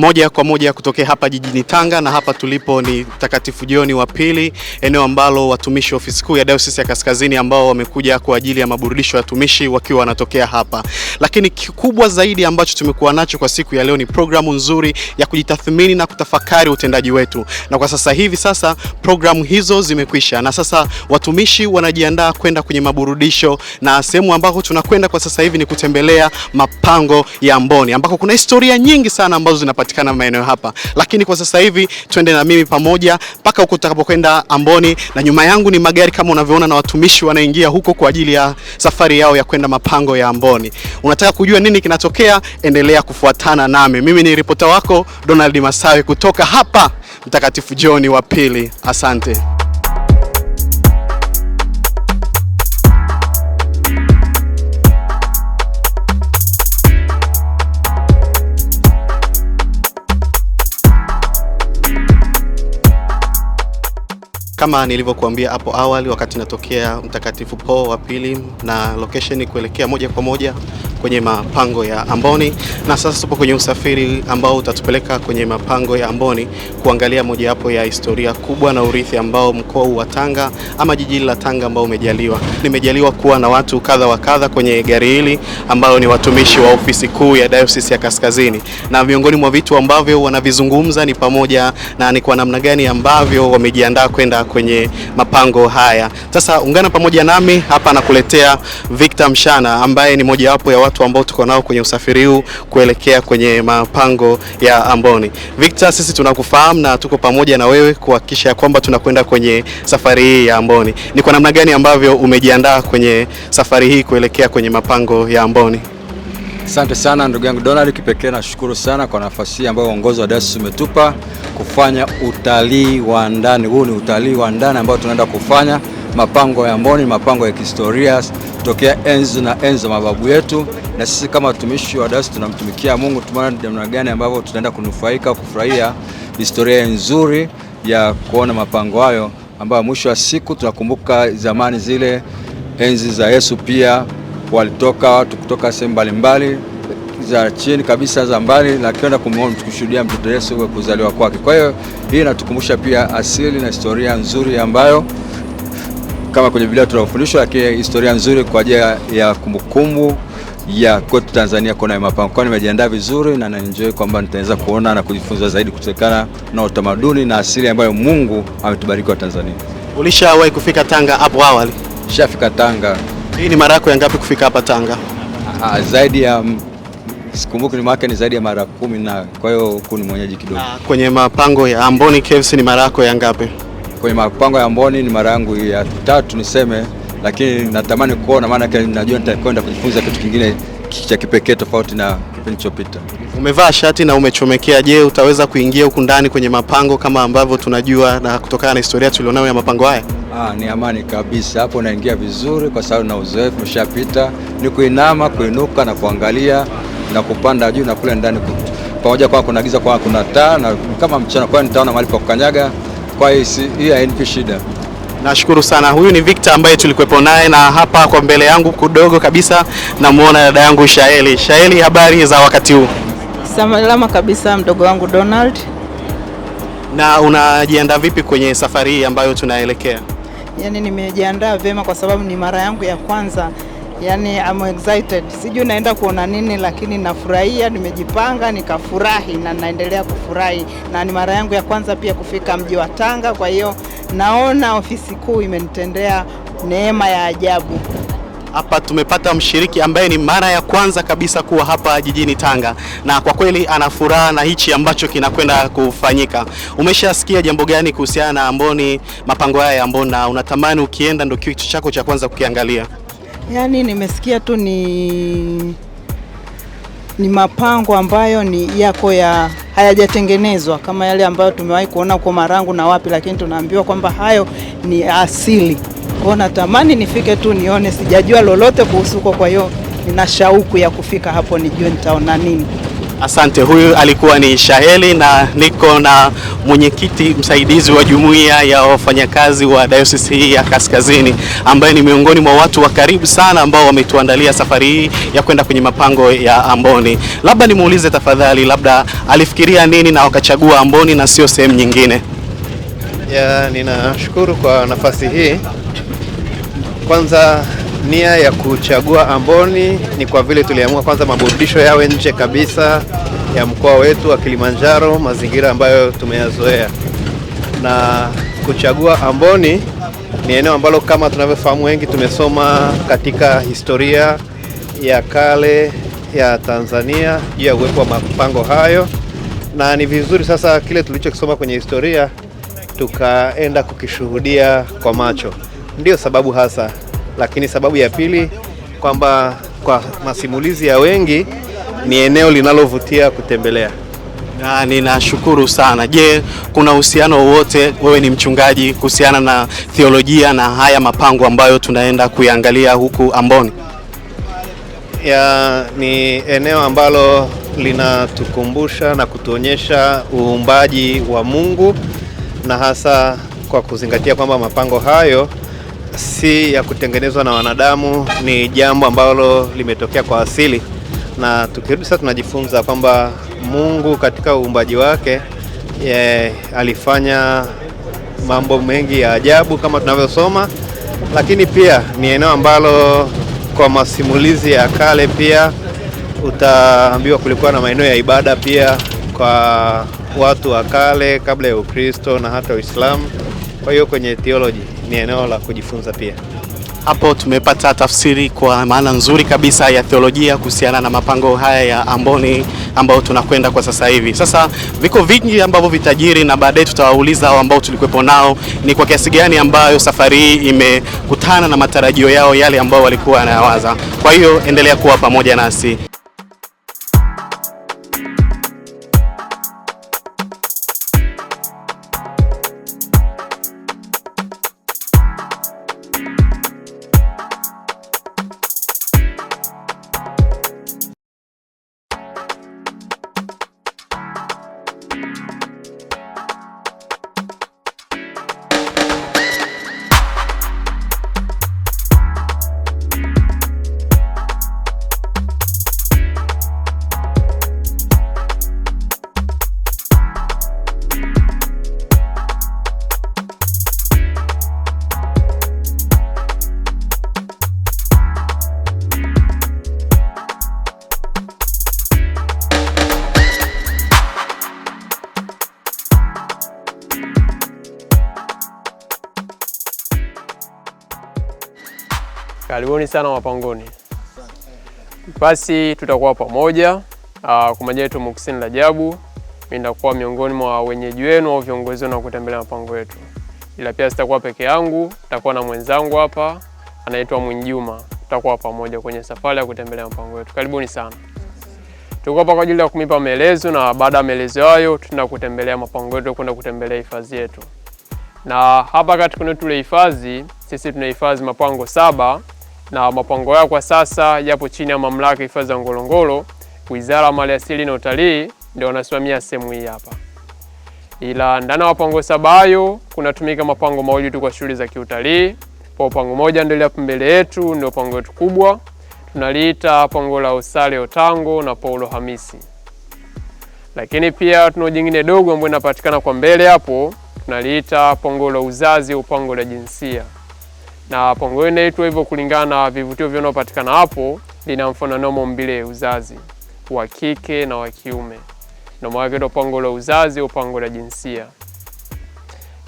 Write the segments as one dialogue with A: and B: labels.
A: moja kwa moja kutokea hapa jijini Tanga, na hapa tulipo ni Mtakatifu Jioni wa Pili, eneo ambalo watumishi ofisi kuu ya Dayosisi ya Kaskazini ambao wamekuja kwa ajili ya maburudisho ya watumishi wakiwa wanatokea hapa. Lakini kikubwa zaidi ambacho tumekuwa nacho kwa siku ya leo ni programu nzuri ya kujitathmini na kutafakari utendaji wetu, na kwa sasa hivi sasa programu hizo zimekwisha, na sasa watumishi wanajiandaa kwenda kwenye maburudisho, na sehemu ambako tunakwenda kwa sasa hivi ni kutembelea mapango ya Amboni ambako kuna historia nyingi sana ambazo zinapatikana zinapatikana maeneo hapa, lakini kwa sasa hivi twende na mimi pamoja mpaka huko tutakapokwenda Amboni, na nyuma yangu ni magari kama unavyoona na watumishi wanaingia huko kwa ajili ya safari yao ya kwenda mapango ya Amboni. Unataka kujua nini kinatokea? Endelea kufuatana nami. Mimi ni ripota wako Donald Masawe kutoka hapa Mtakatifu John wa Pili. Asante.
B: Kama nilivyokuambia hapo awali, wakati natokea Mtakatifu po wa pili, na location kuelekea moja kwa moja kwenye mapango ya Amboni, na sasa tupo kwenye usafiri ambao utatupeleka kwenye mapango ya Amboni kuangalia mojawapo ya historia kubwa na urithi ambao mkoa wa Tanga ama jiji la Tanga ambao umejaliwa. Nimejaliwa kuwa na watu kadha wa kadha kwenye gari hili ambao ni watumishi wa ofisi kuu ya Dayosisi ya Kaskazini, na miongoni mwa vitu ambavyo wanavizungumza ni pamoja na ni kwa namna gani ambavyo wamejiandaa kwenda kwenye mapango haya. Sasa ungana pamoja nami hapa, nakuletea Victor Mshana ambaye ni mojawapo ya watu watu ambao tuko nao kwenye usafiri huu kuelekea kwenye mapango ya Amboni. Victor, sisi tunakufahamu na tuko pamoja na wewe kuhakikisha ya kwamba tunakwenda kwenye safari hii ya Amboni. Ni kwa namna gani ambavyo umejiandaa kwenye safari hii kuelekea kwenye mapango ya Amboni?
C: Asante sana ndugu yangu Donald, kipekee nashukuru sana kwa nafasi hii ambayo uongozi wa dayosisi umetupa kufanya utalii wa ndani. Huu ni utalii wa ndani ambao tunaenda kufanya mapango ya Amboni, mapango ya kihistoria tokea enzi na enzi za mababu yetu, na sisi kama watumishi wa dasi tunamtumikia Mungu, tumeona namna gani ambavyo tunaenda kunufaika kufurahia historia nzuri ya kuona mapango hayo, ambayo mwisho wa siku tunakumbuka zamani zile enzi za Yesu, pia walitoka watu kutoka sehemu mbalimbali za chini kabisa za mbali na kwenda kumwona mtoto Yesu kuzaliwa kwake. Kwa hiyo hii inatukumbusha pia asili na historia nzuri ambayo kama kwenye Biblia tunafundishwa, lakini historia nzuri kwa ajili ya kumbukumbu ya kwetu Tanzania kona Mapango. Kwa nimejiandaa vizuri na naenjoy kwamba nitaweza kuona na kujifunza zaidi kutokana na utamaduni na asili ambayo Mungu ametubariki wa Tanzania.
A: Ulishawahi kufika Tanga hapo awali?
C: Shafika Tanga.
A: Hii ni mara yako ya ngapi kufika hapa Tanga?
C: Aa, ah, ah, zaidi ya sikumbuki ni mwaka ni zaidi ya mara kumi na kwa hiyo huku ni mwenyeji kidogo. Ah,
A: kwenye Mapango ya Amboni Caves ni mara yako ya ngapi?
C: kwenye mapango ya Mboni ni mara yangu ya tatu niseme, lakini natamani kuona, maana najua nitakwenda kujifunza kitu kingine cha kipekee tofauti na kipindi kilichopita.
A: Umevaa shati na umechomekea. Je, utaweza kuingia huku ndani kwenye mapango kama ambavyo tunajua na kutokana na historia tulionayo ya mapango haya?
C: Ah, ni amani kabisa hapo, naingia vizuri kwa sababu na uzoefu umeshapita, ni kuinama, kuinuka na kuangalia na kupanda juu na kule ndani pamoja, kwa kuna giza, kwa kuna taa na kama mchana, kwa nitaona mahali pa kukanyaga kwa hii hainipi e shida.
A: Nashukuru sana. Huyu ni Victor ambaye tulikuwepo naye, na hapa kwa mbele yangu kidogo kabisa namuona dada yangu Shaeli. Shaeli, habari za wakati huu?
D: Salama kabisa, mdogo wangu Donald.
A: Na unajiandaa vipi kwenye safari hii ambayo tunaelekea?
D: Yaani nimejiandaa vyema kwa sababu ni mara yangu ya kwanza yani I'm excited, sijui naenda kuona nini, lakini nafurahia, nimejipanga nikafurahi na naendelea kufurahi, na ni mara yangu ya kwanza pia kufika mji wa Tanga. Kwa hiyo naona ofisi kuu imenitendea neema ya ajabu.
A: Hapa tumepata mshiriki ambaye ni mara ya kwanza kabisa kuwa hapa jijini Tanga, na kwa kweli ana furaha na hichi ambacho kinakwenda kufanyika. Umeshasikia jambo gani kuhusiana na Amboni, mapango haya ya Amboni, na unatamani ukienda ndio kitu chako cha kwanza kukiangalia?
D: Yaani nimesikia tu ni ni mapango ambayo ni yako ya hayajatengenezwa kama yale ambayo tumewahi kuona huko Marangu na wapi, lakini tunaambiwa kwamba hayo ni asili. Kwao natamani nifike tu nione, sijajua lolote kuhusu huko, kwa hiyo nina shauku ya kufika hapo nijue nitaona nini.
A: Asante. Huyu alikuwa ni Shaheli na niko na mwenyekiti msaidizi wa jumuiya ya wafanyakazi wa dayosisi hii ya Kaskazini, ambaye ni miongoni mwa watu wa karibu sana ambao wametuandalia safari hii ya kwenda kwenye mapango ya Amboni. Labda nimuulize tafadhali, labda alifikiria nini na wakachagua Amboni na sio sehemu nyingine?
E: Ya, ninashukuru kwa nafasi hii. Kwanza nia ya kuchagua Amboni ni kwa vile tuliamua kwanza maburudisho yawe nje kabisa ya mkoa wetu wa Kilimanjaro, mazingira ambayo tumeyazoea, na kuchagua Amboni ni eneo ambalo kama tunavyofahamu wengi tumesoma katika historia ya kale ya Tanzania juu ya uwepo wa mapango hayo, na ni vizuri sasa kile tulichokisoma kwenye historia tukaenda kukishuhudia kwa macho. ndio sababu hasa lakini sababu ya pili kwamba kwa masimulizi ya wengi ni eneo linalovutia kutembelea.
A: Na ninashukuru sana. Je, kuna uhusiano wowote wewe ni mchungaji kuhusiana na theolojia na haya mapango ambayo tunaenda kuyaangalia huku Amboni?
C: Ya, ni eneo ambalo linatukumbusha na kutuonyesha uumbaji wa Mungu na hasa kwa kuzingatia kwamba mapango hayo si ya kutengenezwa na wanadamu, ni jambo ambalo limetokea kwa asili, na tukirudi sasa tunajifunza kwamba Mungu katika uumbaji wake ye, alifanya mambo mengi ya ajabu kama tunavyosoma, lakini pia ni eneo ambalo kwa masimulizi ya kale pia utaambiwa kulikuwa na maeneo ya ibada pia kwa watu wa kale kabla ya Ukristo na hata Uislamu. Kwa hiyo kwenye theology ni eneo la kujifunza pia.
A: Hapo tumepata tafsiri kwa maana nzuri kabisa ya theolojia kuhusiana na mapango haya ya Amboni ambayo tunakwenda kwa sasa hivi. Sasa viko vingi ambavyo vitajiri, na baadaye tutawauliza hao ambao tulikuwepo nao ni kwa kiasi gani ambayo safari hii imekutana na matarajio yao yale ambao walikuwa wanayawaza. Kwa hiyo endelea kuwa pamoja nasi.
F: Karibuni sana Wapangoni. Basi tutakuwa pamoja ah, kwa majina yetu Muhsin Rajabu. Mimi nitakuwa miongoni mwa wenyeji wenu au viongozi wenu kutembelea mapango yetu, ila pia sitakuwa peke yangu, nitakuwa na mwenzangu hapa anaitwa Mwinjuma. Tutakuwa pamoja kwenye safari ya kutembelea mapango yetu. Karibuni sana. Tuko hapa kwa ajili ya kumipa maelezo na baada ya maelezo hayo tutaenda kutembelea mapango yetu, kwenda kutembelea hifadhi yetu. Na hapa katika tule hifadhi, sisi tuna hifadhi mapango saba na mapango yao kwa sasa yapo chini ya mamlaka hifadhi za Ngorongoro, Wizara ya Maliasili na Utalii ndio wanasimamia sehemu hii hapa, ila ndani ya mapango saba hayo kunatumika mapango mawili tu kwa shughuli za kiutalii. Kwa pango moja ndio hapo mbele yetu, ndio pango letu kubwa tunaliita pango la Osale Otango na Paulo Hamisi, lakini pia tuna jingine dogo ambalo inapatikana kwa mbele hapo tunaliita pango la uzazi au pango la jinsia na Pongwe yetu hivyo kulingana na vivutio vinavyopatikana hapo. Lina mfano mfanano mbili uzazi wa kike na wa kiume, ndio maana kwa pango la uzazi au pango la jinsia.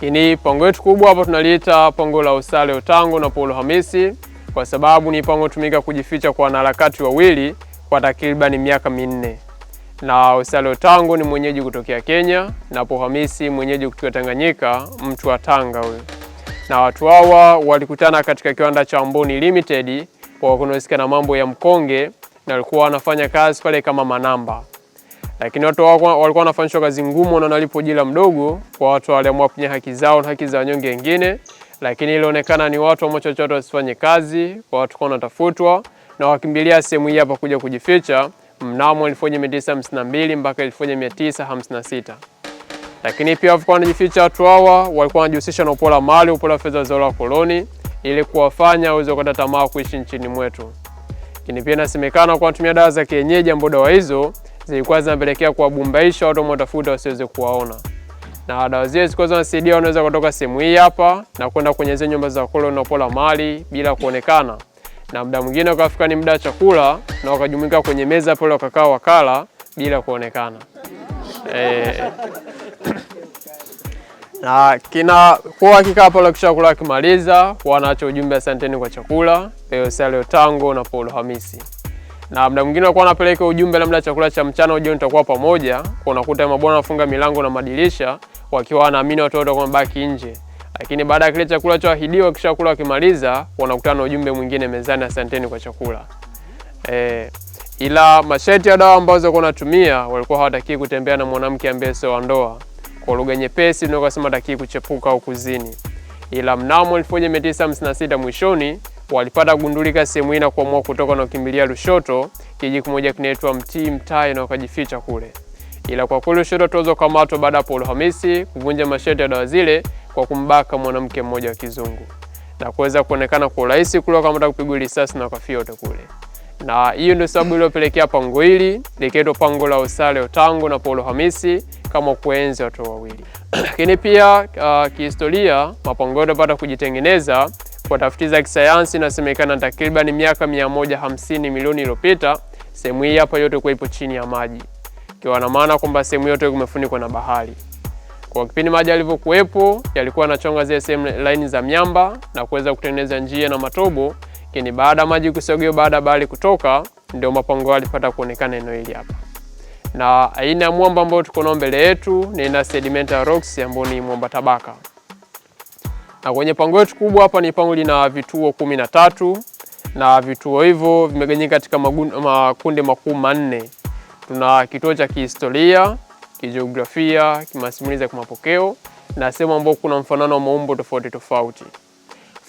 F: Ini pango yetu kubwa hapo tunaliita pango la Usale utango na Paulo Hamisi kwa sababu ni pango tumika kujificha kwa wanaharakati wawili kwa takriban miaka minne, na Usale utango ni mwenyeji kutokea Kenya na Paulo Hamisi mwenyeji kutokea Tanganyika, mtu wa Tanga huyo na watu hawa walikutana katika kiwanda cha Amboni Limited kwa kunohusika na mambo ya mkonge, na walikuwa wanafanya kazi pale kama manamba, lakini watu hawa walikuwa wanafanyishwa kazi ngumu na wanalipwa jila mdogo. Kwa watu waliamua kunyima haki zao na haki za wanyonge wengine, lakini ilionekana ni watu ambao chochote wasifanye kazi, kwa watu kwa wanatafutwa na wakimbilia sehemu hii hapa kuja kujificha mnamo 1952 mpaka 1956 lakini pia walikuwa wanajificha watu hawa, walikuwa wanajihusisha na upola mali, upola fedha za koloni, ili kuwafanya waweze kukata tamaa kuishi nchini mwetu. Lakini pia inasemekana kwa kutumia dawa za kienyeji ambapo dawa hizo zilikuwa zinapelekea kuwabumbaisha watu watafuta wasiweze kuwaona, na dawa zile zilikuwa zinasaidia wanaweza kutoka sehemu hii hapa na kwenda kwenye zile nyumba za koloni na upola mali bila kuonekana, na muda mwingine wakafika ni muda wa chakula na wakajumuika kwenye meza pale wakakaa wakala bila kuonekana eh na kina kinakuwa kikapo la chakula kimaliza, wanaacha ujumbe asanteni kwa chakula Salio Tango na Paulo Hamisi. Na muda mwingine walikuwa wanapeleka ujumbe labda chakula cha mchana jioni tutakuwa pamoja, kwa unakuta mabwana wanafunga milango na madirisha wakiwa wanaamini watoto watakuwa wamebaki nje. Lakini baada ya kile chakula cho ahidiwa kisha kula wakimaliza, wanakutana na ujumbe mwingine mezani, asanteni kwa chakula. Eh, ila masharti ya dawa ambazo walikuwa wanatumia walikuwa hawatakii kutembea na mwanamke ambaye sio wa ndoa. Kwa lugha nyepesi tunaweza kusema takii kuchepuka au kuzini, ila mnamo 1956 mwishoni walipata kugundulika sehemu hii na kuamua kutoka na kukimbilia Lushoto, kijiji kimoja kinaitwa Mtii Mtai, na wakajificha kule. Ila kwa kweli Lushoto tuweza kukamatwa baada ya Paul Hamisi kuvunja masharti ya dawa zile kwa kumbaka mwanamke mmoja wa kizungu na kuweza kuonekana kwa urahisi kule, wakamata kupigwa risasi na wakafia wote kule na hiyo ndio sababu iliyopelekea pango hili likaitwa pango la Osale Otango na Paulo Hamisi kama kuenzi watu wawili. Lakini pia uh, kihistoria mapango yote baada kujitengeneza kwa tafiti za kisayansi, inasemekana takriban miaka 150 milioni iliyopita sehemu hii hapa yote kuwepo chini ya maji, ikiwa na maana kwamba sehemu yote imefunikwa na bahari. Kwa kipindi maji yalivyokuwepo, yalikuwa yanachonga zile sehemu laini za miamba na kuweza kutengeneza njia na matobo lakini baada ya maji kusogea, baada ya bahari kutoka, ndio mapango yalipata kuonekana eneo hili hapa. Na aina ya mwamba ambao tuko nao mbele yetu ni na sedimentary rocks ambayo ni mwamba tabaka. Na kwenye pango letu kubwa hapa ni pango lina vituo kumi na tatu na vituo hivyo vimegawanyika katika makundi makuu manne. Tuna kituo cha kihistoria, kijiografia, kimasimulizi ya kimapokeo na sehemu ambayo kuna mfanano wa maumbo tofauti tofauti.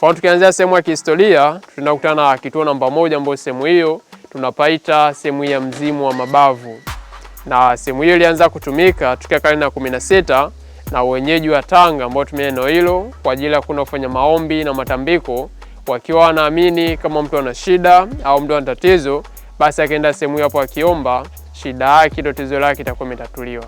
F: Kwa tukianzia sehemu ya kihistoria tunakutana na kituo namba moja, ambayo sehemu hiyo tunapaita sehemu ya mzimu wa mabavu, na sehemu hiyo ilianza kutumika tukia karne ya sita na wenyeji wa Tanga ambao tumia eneo hilo kwa ajili ya kuna kufanya maombi na matambiko, wakiwa wanaamini kama mtu ana shida au mtu ana tatizo, basi akienda sehemu hiyo hapo akiomba shida yake, tatizo lake itakuwa imetatuliwa.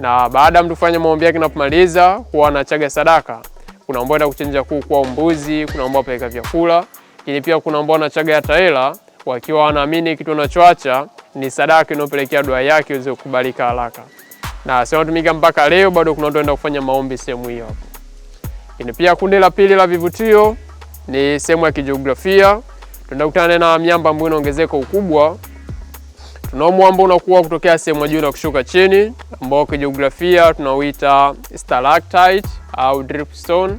F: Na baada ya mtu kufanya maombi yake na kumaliza, huwa anachaga sadaka kuna ambao enda kuku kwa mbuzi, kuna ambao peleka vyakula, lakini pia kuna ambao wanachaga hata hela wakiwa wanaamini kitu wanachoacha ni sadaka inayopelekea dua yake iweze kukubalika haraka, na sio natumika mpaka leo, bado kuna watu wanaenda kufanya maombi sehemu hiyo. Lakini pia kundi la pili la vivutio ni sehemu ya kijiografia, Tunakutana na miamba ambayo inaongezeka ukubwa Nao mwamba unakuwa kutokea sehemu ya juu na kushuka chini, ambao kijiografia tunauita stalactite au dripstone,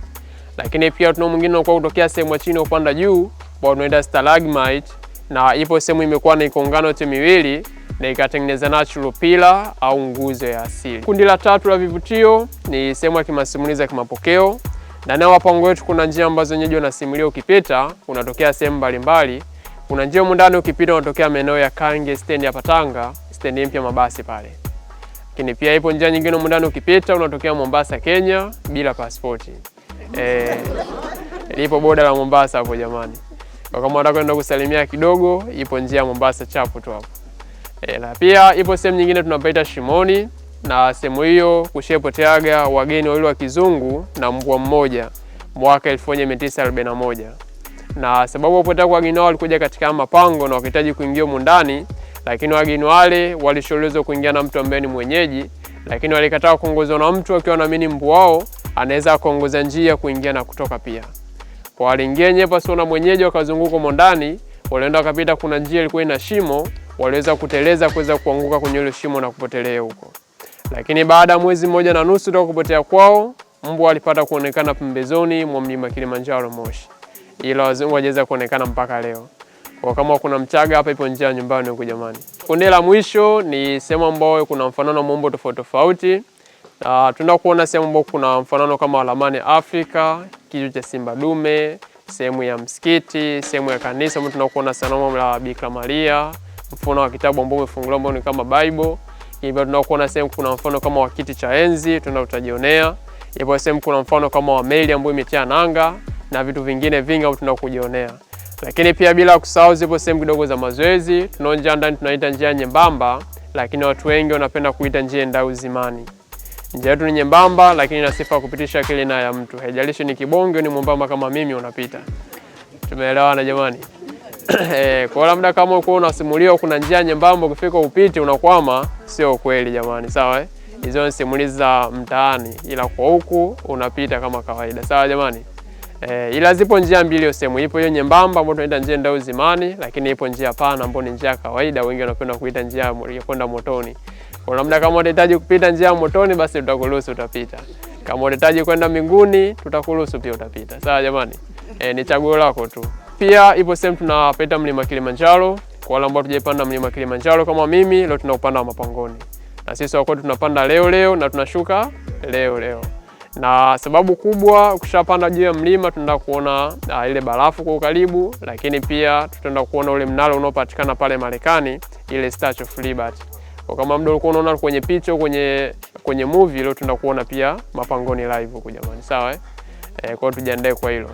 F: lakini pia tunao mwingine unakuwa kutokea sehemu ya chini na upanda juu, ambao tunaita stalagmite, na ipo sehemu imekuwa na ikongano yote miwili na ikatengeneza natural pillar au nguzo ya asili. Kundi la tatu la vivutio ni sehemu ya kimasimulizi ya kimapokeo, na nao wapango wetu kuna njia ambazo wenyeji wanasimulia ukipita unatokea sehemu mbalimbali kuna njia humu ndani ukipita unatokea maeneo ya Kange stendi ya Patanga, stendi mpya mabasi pale. Lakini pia ipo njia nyingine humu ndani ukipita unatokea Mombasa Kenya bila pasipoti. Eh, lipo boda la Mombasa hapo jamani. Kwa kama unataka kwenda kusalimia kidogo, ipo njia ya Mombasa chapu tu hapo. Eh, na pia ipo sehemu nyingine tunapaita Shimoni na sehemu hiyo kushepoteaga wageni wawili wa kizungu na mbwa mmoja mwaka 1941 na sababu wapotaka wageni wao walikuja katika mapango na wakihitaji kuingia humu ndani, lakini wageni wale walishauriwa kuingia na mtu ambaye ni mwenyeji, lakini walikataa kuongozwa na mtu akiwa wanaamini mbu wao anaweza kuongoza njia kuingia na kutoka pia. Kwa waliingia wenyewe pasipo na mwenyeji, wakazunguka humo ndani, walienda wakapita, kuna njia ilikuwa ina shimo, waliweza kuteleza kuweza kuanguka kwenye ile shimo na kupotelea huko. Lakini baada ya mwezi mmoja na nusu toka kupotea kwao, mbu alipata kuonekana pembezoni mwa mlima Kilimanjaro Moshi ila wazungu hawajaweza kuonekana mpaka leo. Kwa kama kuna Mchaga hapa, ipo njia nyumbani huko jamani. Kundi la mwisho ni sehemu ambayo kuna mfanano maumbo tofauti tofauti. na tunaenda kuona sehemu ambayo kuna mfanano kama alamani Afrika, kichwa cha simba dume, sehemu ya msikiti, sehemu ya kanisa ambapo tunaenda kuona sanamu la Bikira Maria, mfano wa kitabu ambao umefunguliwa ambao ni kama Bible. Hivyo tunaenda kuona sehemu kuna mfano kama wa kiti cha enzi, tunaenda tutajionea. Hivyo sehemu kuna mfano kama wa meli ambayo imetia nanga na vitu vingine vingi au tunakujionea. Lakini pia bila kusahau, zipo sehemu kidogo za mazoezi tunaonja ndani, tunaita njia nyembamba, lakini watu wengi wanapenda kuita njia endau zimani. Njia yetu ni nyembamba, lakini ina sifa ya kupitisha kile na ya mtu, haijalishi ni kibonge ni mwembamba kama mimi, unapita. Tumeelewana jamani? Eh, kwa labda kama uko unasimuliwa kuna njia nyembamba ukifika upiti unakwama, sio kweli jamani, sawa eh? Hizo ni simulizi za mtaani, ila kwa huku unapita kama kawaida, sawa jamani? Eh, ila zipo njia mbili usemu. Ipo hiyo nyembamba ambayo tunaita njia ndao zimani, lakini ipo njia pana ambayo ni njia ya kawaida, wengi wanapenda kuita njia ya kwenda motoni. Kwa namna kama unahitaji kupita njia ya motoni, basi tutakuruhusu utapita. Kama unahitaji kwenda mbinguni, tutakuruhusu pia utapita. Sawa jamani? eh, ni chaguo lako tu. Pia ipo sehemu tunapita mlima Kilimanjaro. Kwa wale ambao tujapanda mlima Kilimanjaro kama mimi, leo tunaupanda mapangoni. Na sisi wako tunapanda leo leo na tunashuka leo leo na sababu kubwa, ukishapanda juu ya mlima tunaenda kuona uh, ile barafu kwa karibu, lakini pia tutaenda kuona ule mnara unaopatikana pale Marekani, ile Statue of Liberty. Kwa kama mdo ulikuwa unaona kwenye picha kwenye kwenye movie, leo tunaenda kuona pia mapangoni live huko jamani, sawa eh? E, Kwa tujiandae kwa hilo,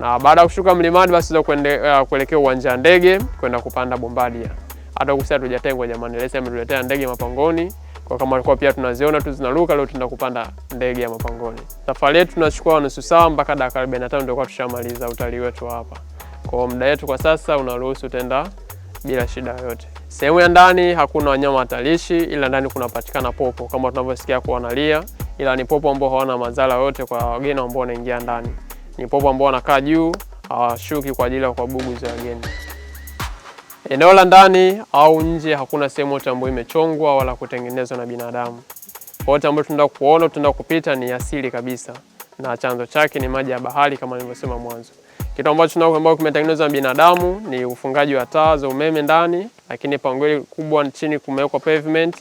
F: na baada ya kushuka mlimani basi tunaenda uh, kuelekea uwanja wa ndege kwenda kupanda Bombardier. Hata kusema tujatengwa jamani, leo sema tuletea ndege mapangoni kwa kama kwa pia tunaziona tu zinaruka, leo tunaenda kupanda ndege ya Mapangoni. Safari yetu tunachukua nusu saa mpaka dakika 45 ndio kwa tushamaliza utalii wetu hapa. Kwa muda wetu kwa sasa unaruhusu utaenda bila shida yoyote. Sehemu ya ndani hakuna wanyama hatarishi, ila ndani kunapatikana popo kama tunavyosikia kuwa wanalia, ila ni popo ambao hawana madhara yote kwa wageni ambao wanaingia ndani. Ni popo ambao wanakaa juu, hawashuki kwa ajili ya za wageni. Eneo la ndani au nje, hakuna sehemu yote ambayo imechongwa wala kutengenezwa na binadamu. Kwa yote ambayo tunaenda kuona, tunaenda kupita ni asili kabisa, na chanzo chake ni maji ya bahari kama nilivyosema mwanzo. Kitu ambacho kimetengenezwa na binadamu ni ufungaji wa taa za umeme ndani, lakini pangweli kubwa chini kumewekwa pavement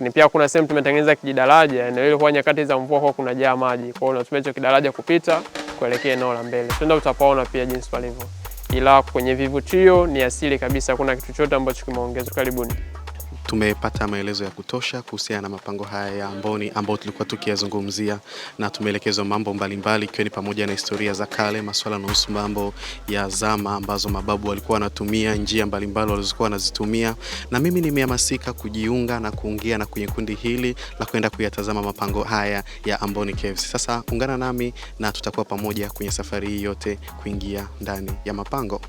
F: ni pia kuna sehemu tumetengeneza kijidaraja. Eneo hilo kwa nyakati za mvua huwa jaa maji, kwa hiyo unatumia hicho kidaraja kupita kuelekea eneo la mbele. Tuenda utapaona pia jinsi palivyo ila kwenye vivutio ni asili kabisa, hakuna kitu chochote ambacho kimeongezwa. Karibuni.
A: Tumepata maelezo ya kutosha kuhusiana na mapango haya ya Amboni ambayo tulikuwa tukiyazungumzia na tumeelekezwa mambo mbalimbali ikiwa ni pamoja na historia za kale, masuala yanahusu mambo ya zama ambazo mababu walikuwa wanatumia, njia mbalimbali walizokuwa wanazitumia, na mimi nimehamasika kujiunga na kuingia na kwenye kundi hili la kwenda kuyatazama mapango haya ya Amboni Caves. Sasa ungana nami na tutakuwa pamoja kwenye safari hii yote kuingia ndani ya mapango.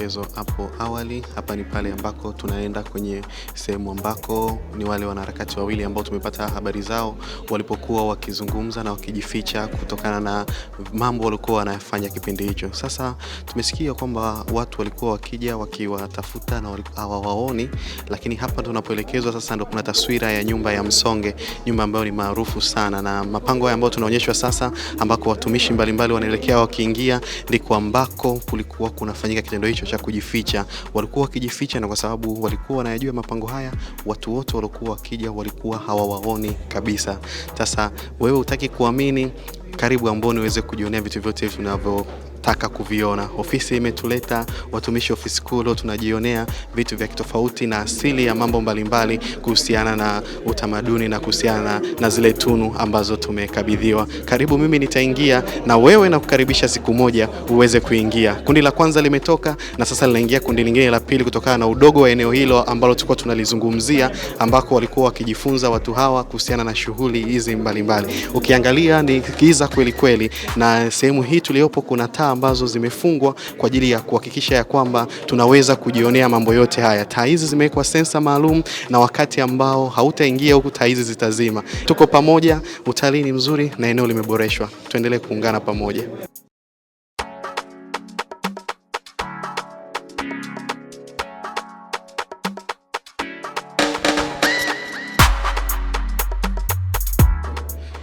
A: maelekezo hapo awali. Hapa ni pale ambako tunaenda kwenye sehemu ambako ni wale wanaharakati wawili ambao tumepata habari zao walipokuwa wakizungumza na wakijificha kutokana na mambo walikuwa wanayafanya kipindi hicho. Sasa tumesikia kwamba watu walikuwa wakija wakiwatafuta na hawawaoni, lakini hapa tunapoelekezwa sasa ndo kuna taswira ya nyumba ya Msonge, nyumba ambayo ni maarufu sana, na mapango haya ambayo tunaonyeshwa sasa, ambako watumishi mbalimbali wanaelekea wakiingia, ndiko ambako kulikuwa kunafanyika kitendo hicho cha kujificha. Walikuwa wakijificha na kwa sababu walikuwa wanayajua mapango haya watu wote waliokuwa wakija walikuwa hawawaoni kabisa. Sasa wewe hutaki kuamini, karibu Amboni uweze kujionea vitu vyote vinavyo taka kuviona. Ofisi imetuleta watumishi ofisi kuu, leo tunajionea vitu vya kitofauti na asili ya mambo mbalimbali kuhusiana na utamaduni na kuhusiana na zile tunu ambazo tumekabidhiwa. Karibu, mimi nitaingia na wewe na kukaribisha siku moja uweze kuingia. Kundi la kwanza limetoka na sasa linaingia kundi lingine la pili, kutokana na udogo wa eneo hilo ambalo tulikuwa tunalizungumzia, ambako walikuwa wakijifunza watu hawa kuhusiana na shughuli hizi mbalimbali. Ukiangalia ni giza kweli kweli, na sehemu hii tuliyopo kuna taa kadhaa ambazo zimefungwa kwa ajili ya kuhakikisha ya kwamba tunaweza kujionea mambo yote haya. Taa hizi zimewekwa sensa maalum, na wakati ambao hautaingia huku taa hizi zitazima. Tuko pamoja, utalii ni mzuri na eneo limeboreshwa. Tuendelee kuungana pamoja.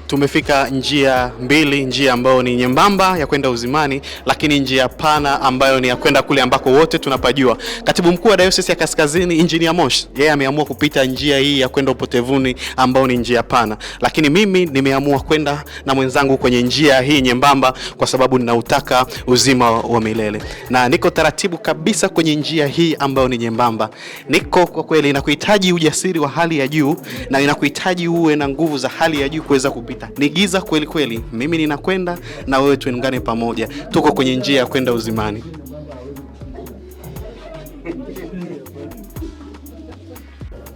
A: Tumefika njia mbili, njia ambayo ni nyembamba ya kwenda uzimani, lakini njia pana ambayo ni ya kwenda kule ambako wote tunapajua. Katibu mkuu wa Dayosisi ya Kaskazini Injinia Mosh, yeye ameamua kupita njia hii ya kwenda upotevuni ambayo ni njia pana, lakini mimi nimeamua kwenda na mwenzangu kwenye njia hii nyembamba kwa sababu ninautaka uzima wa milele, na niko taratibu kabisa kwenye njia hii ambayo ni nyembamba. Niko kwa kweli, inakuhitaji ujasiri wa hali ya juu na inakuhitaji uwe na nguvu za hali ya juu kuweza kupita Geita. Ni giza kweli kweli, mimi ninakwenda na wewe, tuungane pamoja, tuko kwenye njia ya kwenda uzimani.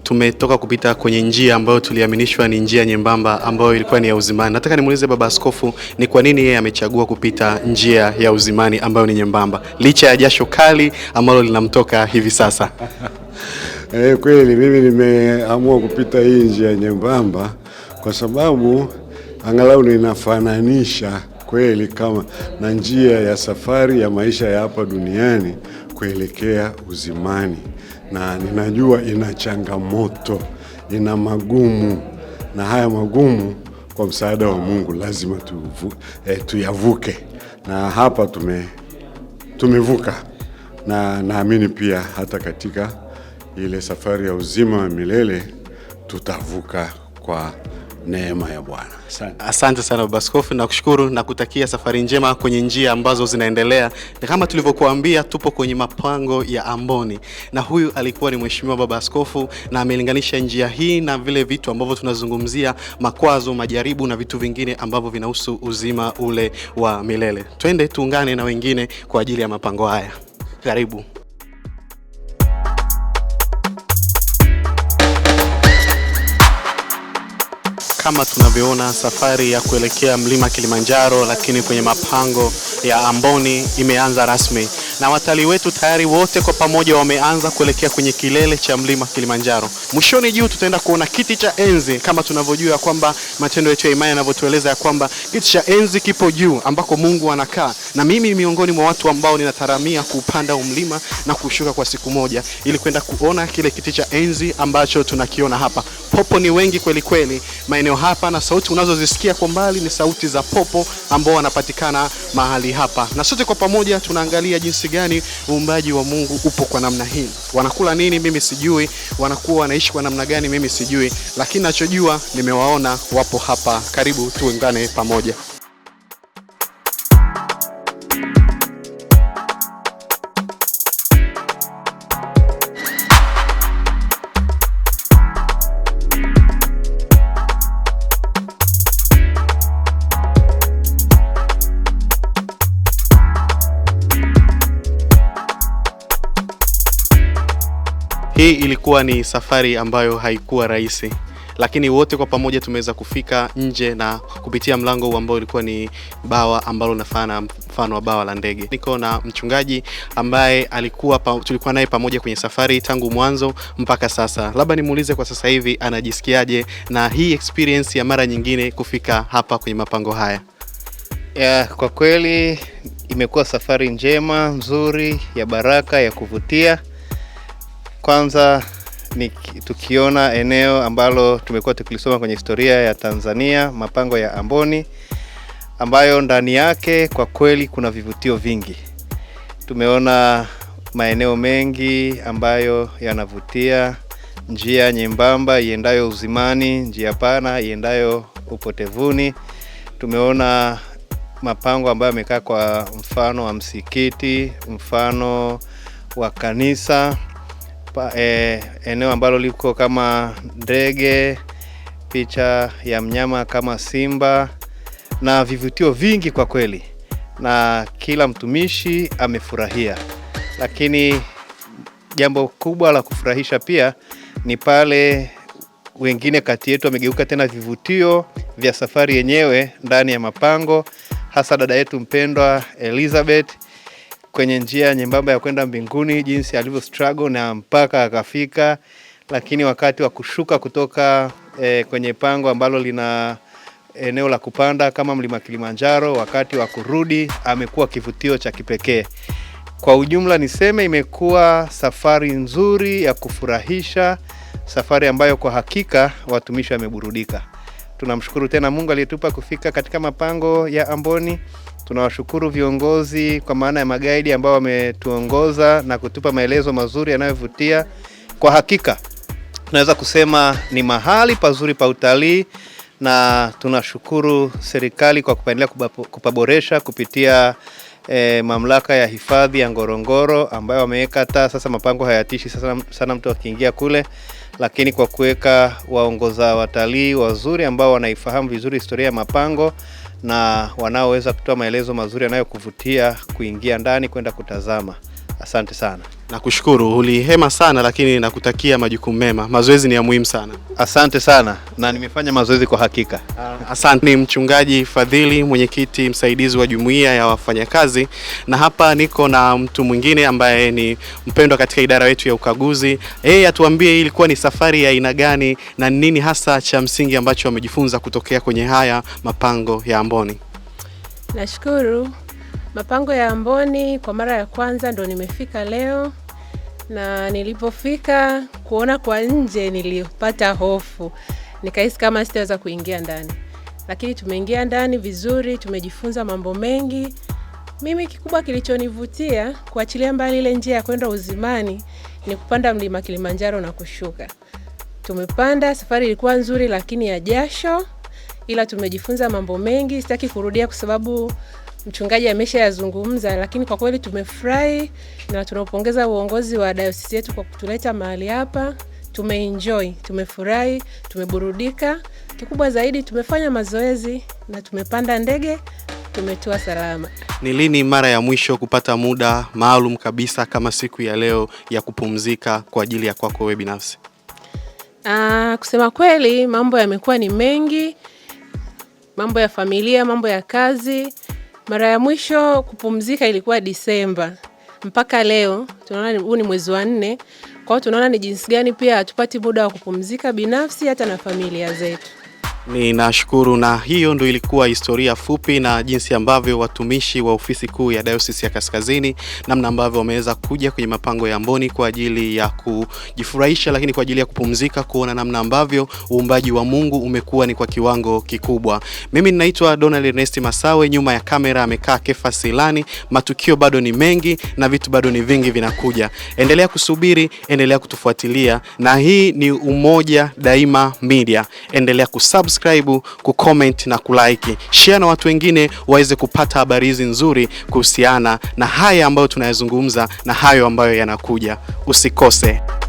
A: Tumetoka kupita kwenye njia ambayo tuliaminishwa ni njia nyembamba ambayo ilikuwa ni ya uzimani. Nataka nimuulize Baba Askofu, ni kwa nini yeye amechagua kupita njia ya uzimani ambayo ni nyembamba licha ya jasho kali ambalo linamtoka hivi sasa?
G: Eh, kweli mimi nimeamua kupita hii njia nyembamba kwa sababu angalau ninafananisha kweli kama na njia ya safari ya maisha ya hapa duniani kuelekea uzimani, na ninajua ina changamoto, ina magumu, na haya magumu kwa msaada wa Mungu lazima tuvu, eh, tuyavuke, na hapa tume, tumevuka na naamini pia hata katika ile safari ya uzima wa milele tutavuka kwa neema ya Bwana.
A: Asante, asante sana baba askofu, nakushukuru na kutakia safari njema kwenye njia ambazo zinaendelea, na kama tulivyokuambia, tupo kwenye mapango ya Amboni, na huyu alikuwa ni mheshimiwa baba askofu, na amelinganisha njia hii na vile vitu ambavyo tunazungumzia, makwazo, majaribu na vitu vingine ambavyo vinahusu uzima ule wa milele. Twende tuungane na wengine kwa ajili ya mapango haya. Karibu. Kama tunavyoona safari ya kuelekea mlima Kilimanjaro, lakini kwenye mapango ya Amboni imeanza rasmi na watalii wetu tayari wote kwa pamoja wameanza kuelekea kwenye kilele cha mlima Kilimanjaro. Mwishoni juu tutaenda kuona kiti cha enzi, kama tunavyojua kwamba matendo yetu ya imani yanavyotueleza ya kwamba kiti cha enzi kipo juu ambako Mungu anakaa, na mimi miongoni mwa watu ambao ninataramia kuupanda umlima na kushuka kwa siku moja ili kwenda kuona kile kiti cha enzi ambacho tunakiona hapa. Popo ni wengi kweli kweli maeneo hapa, na sauti unazozisikia kwa mbali ni sauti za popo ambao wanapatikana mahali hapa, na sote kwa pamoja tunaangalia jinsi gani uumbaji wa Mungu upo kwa namna hii. Wanakula nini mimi sijui, wanakuwa wanaishi kwa namna gani mimi sijui, lakini nachojua nimewaona wapo hapa. Karibu tuungane pamoja. Hii ilikuwa ni safari ambayo haikuwa rahisi, lakini wote kwa pamoja tumeweza kufika nje na kupitia mlango huu ambao ulikuwa ni bawa ambalo linafanana mfano wa bawa la ndege. Niko na mchungaji ambaye alikuwa pa, tulikuwa naye pamoja kwenye safari tangu mwanzo mpaka sasa. Labda nimuulize kwa sasa hivi anajisikiaje na hii experience ya mara nyingine kufika hapa kwenye mapango haya.
H: Ya, kwa kweli imekuwa safari njema nzuri ya baraka ya kuvutia kwanza ni tukiona eneo ambalo tumekuwa tukilisoma kwenye historia ya Tanzania, mapango ya Amboni, ambayo ndani yake kwa kweli kuna vivutio vingi. Tumeona maeneo mengi ambayo yanavutia, njia nyembamba iendayo uzimani, njia pana iendayo upotevuni. Tumeona mapango ambayo yamekaa kwa mfano wa msikiti, mfano wa kanisa pa, e, eneo ambalo liko kama ndege, picha ya mnyama kama simba na vivutio vingi kwa kweli, na kila mtumishi amefurahia. Lakini jambo kubwa la kufurahisha pia ni pale wengine kati yetu wamegeuka tena vivutio vya safari yenyewe ndani ya mapango, hasa dada yetu mpendwa Elizabeth kwenye njia nyembamba ya kwenda mbinguni, jinsi alivyo struggle na mpaka akafika. Lakini wakati wa kushuka kutoka e, kwenye pango ambalo lina eneo la kupanda kama mlima Kilimanjaro, wakati wa kurudi amekuwa kivutio cha kipekee. Kwa ujumla, niseme imekuwa safari nzuri ya kufurahisha, safari ambayo kwa hakika watumishi wameburudika. Tunamshukuru tena Mungu aliyetupa kufika katika mapango ya Amboni. Tunawashukuru viongozi kwa maana ya magaidi ambao wametuongoza na kutupa maelezo mazuri yanayovutia. Kwa hakika tunaweza kusema ni mahali pazuri pa utalii na tunashukuru serikali kwa kuendelea kupaboresha kupitia E, mamlaka ya hifadhi ya Ngorongoro ambayo wameweka hata sasa mapango hayatishi sasa sana mtu akiingia kule, lakini kwa kuweka waongoza watalii wazuri ambao wanaifahamu vizuri historia ya mapango na wanaoweza kutoa maelezo mazuri yanayokuvutia kuingia ndani kwenda kutazama. Asante sana.
A: Nakushukuru, ulihema sana lakini nakutakia majukumu mema. Mazoezi ni ya muhimu sana.
H: Asante sana, na nimefanya mazoezi kwa hakika.
A: Ah, asante. Ni mchungaji Fadhili, mwenyekiti msaidizi wa jumuiya ya wafanyakazi, na hapa niko na mtu mwingine ambaye ni mpendwa katika idara yetu ya ukaguzi. Yeye atuambie ilikuwa ni safari ya aina gani na nini hasa cha msingi ambacho amejifunza kutokea kwenye haya mapango ya Amboni.
D: Nashukuru. Mapango ya Amboni kwa mara ya kwanza ndo nimefika leo, na nilipofika kuona kwa nje nilipata hofu, nikahisi kama sitaweza kuingia ndani, lakini tumeingia ndani vizuri, tumejifunza mambo mengi. Mimi kikubwa kilichonivutia kuachilia mbali ile njia ya kwenda uzimani ni kupanda mlima Kilimanjaro na kushuka. Tumepanda, safari ilikuwa nzuri, lakini ya jasho, ila tumejifunza mambo mengi. Sitaki kurudia kwa sababu mchungaji amesha yazungumza, lakini kwa kweli tumefurahi na tunapongeza uongozi wa dayosisi yetu kwa kutuleta mahali hapa. Tumeenjoy, tumefurahi, tumeburudika. Kikubwa zaidi tumefanya mazoezi na tumepanda ndege, tumetua salama.
A: Ni lini mara ya mwisho kupata muda maalum kabisa kama siku ya leo ya kupumzika kwa ajili ya kwako wewe binafsi?
D: Aa, ah, kusema kweli mambo yamekuwa ni mengi, mambo ya familia, mambo ya kazi mara ya mwisho kupumzika ilikuwa Disemba, mpaka leo tunaona huu ni mwezi wa nne. Kwa hiyo tunaona ni jinsi gani pia hatupati muda wa kupumzika binafsi hata na familia zetu.
A: Ninashukuru, na hiyo ndo ilikuwa historia fupi na jinsi ambavyo watumishi wa ofisi kuu ya Dayosisi ya Kaskazini, namna ambavyo wameweza kuja kwenye mapango ya Amboni kwa ajili ya kujifurahisha, lakini kwa ajili ya kupumzika, kuona namna ambavyo uumbaji wa Mungu umekuwa ni kwa kiwango kikubwa. Mimi ninaitwa Donald Ernest Masawe, nyuma ya kamera amekaa Kefa Silani. Matukio bado ni mengi na vitu bado ni vingi vinakuja. Endelea kusubiri, endelea kutufuatilia, na hii ni Umoja Daima Media. Endelea kusub kusubscribe, kucomment na kulike. Share na watu wengine waweze kupata habari hizi nzuri kuhusiana na haya ambayo tunayazungumza na hayo ambayo yanakuja. Usikose.